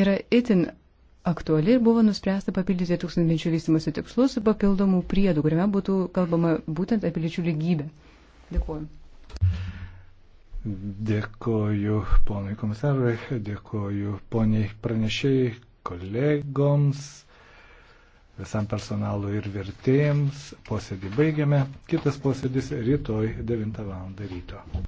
yra itin aktuali ir buvo nuspręsta papildyti tūkstantmečių vystimosi tikslus papildomų priedų, kuriame būtų kalbama būtent apie lyčių lygybę. Dėkuoju. Dėkoju ponui komisarui, dėkoju poniai pranešėjai, kolegoms, visam personalui ir vertėjams. Posėdį baigiame. Kitas posėdis rytoj 9 val. ryto.